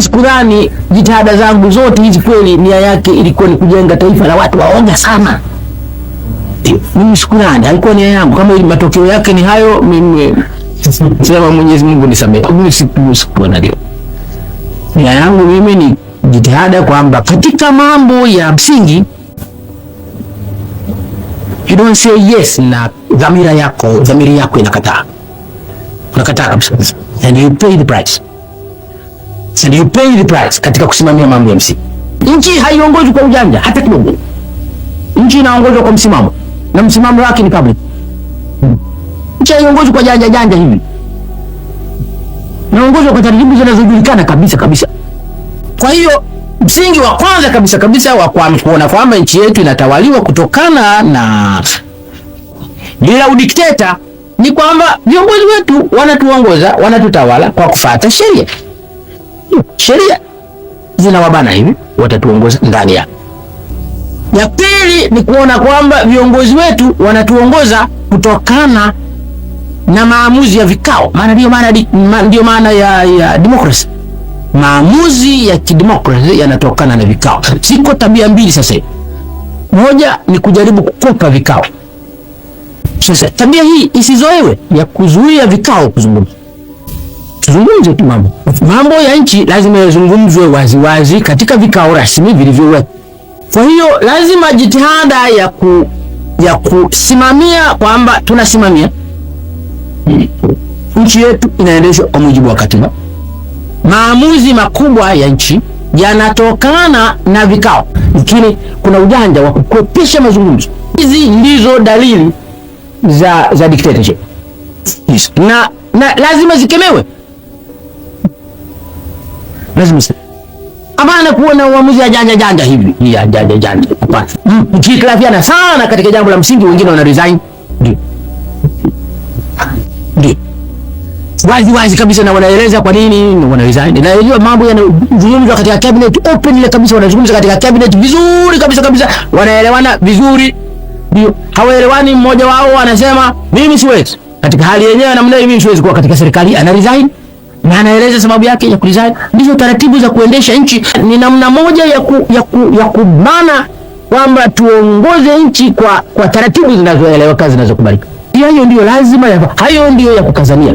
mimi sikudhani jitihada zangu zote hizi kweli nia yake ilikuwa ni kujenga taifa la watu waoga sana. Mimi sikudhani alikuwa nia yangu, kama ili matokeo yake ni hayo, mimi sema Mwenyezi Mungu nisamehe. Mimi sikuwa na nia yangu, mimi ni jitihada kwamba katika mambo ya msingi you don't say yes na dhamira yako, dhamiri yako inakataa, unakataa kabisa, and you pay the price and you pay the price katika kusimamia mambo ya msingi. Nchi haiongozwi kwa ujanja hata kidogo. Nchi inaongozwa kwa msimamo na msimamo wake ni public. Nchi haiongozwi kwa janja janja hivi, naongozwa kwa taratibu zinazojulikana kabisa kabisa. Kwa hiyo msingi wa kwanza kabisa kabisa wa kuona kwamba nchi yetu inatawaliwa kutokana na bila udikteta ni kwamba viongozi wetu wanatuongoza wanatutawala kwa kufuata sheria sheria zinawabana hivi, watatuongoza ndani ya. Ya pili ni kuona kwamba viongozi wetu wanatuongoza kutokana na maamuzi ya vikao, maana ndio maana ndio maana ya, ya demokrasi. Maamuzi ya kidemokrasi yanatokana na vikao. Ziko tabia mbili sasa hivi, moja ni kujaribu kukopa vikao. Sasa tabia hii isizoewe ya kuzuia vikao kuzungumza tuzungumze tu mambo mambo ya nchi lazima yazungumzwe waziwazi katika vikao rasmi vilivyowekwa. Kwa hiyo lazima jitihada ya, ku, ya kusimamia kwamba tunasimamia nchi yetu inaendeshwa kwa mujibu wa katiba. Maamuzi makubwa ya nchi yanatokana na vikao, lakini kuna ujanja wa kukwepesha mazungumzo. Hizi ndizo dalili za, za dictatorship yes. na, na lazima zikemewe lazima hapana kuwa na uamuzi ajanja janja hivi ya janja janja, hapana. Mkikirafiana sana katika jambo la msingi, wengine wana resign, ndio ndio wazi wazi kabisa, na wanaeleza kwa nini wana resign. Najua mambo yanazungumzwa katika cabinet open kabisa, wanazungumza katika cabinet vizuri kabisa kabisa, wanaelewana vizuri, ndio hawaelewani. Mmoja wao anasema mimi siwezi katika hali yenyewe namna hii, mimi siwezi kuwa katika serikali, ana resign na anaeleza sababu yake ya kuresign. Ndizo taratibu za kuendesha nchi, ni namna moja ya, ku, ya, ku, ya kubana kwamba tuongoze nchi kwa, kwa taratibu zinazoeleweka zinazokubalika. Hayo ndio lazima ya, hayo ndiyo ya kukazania.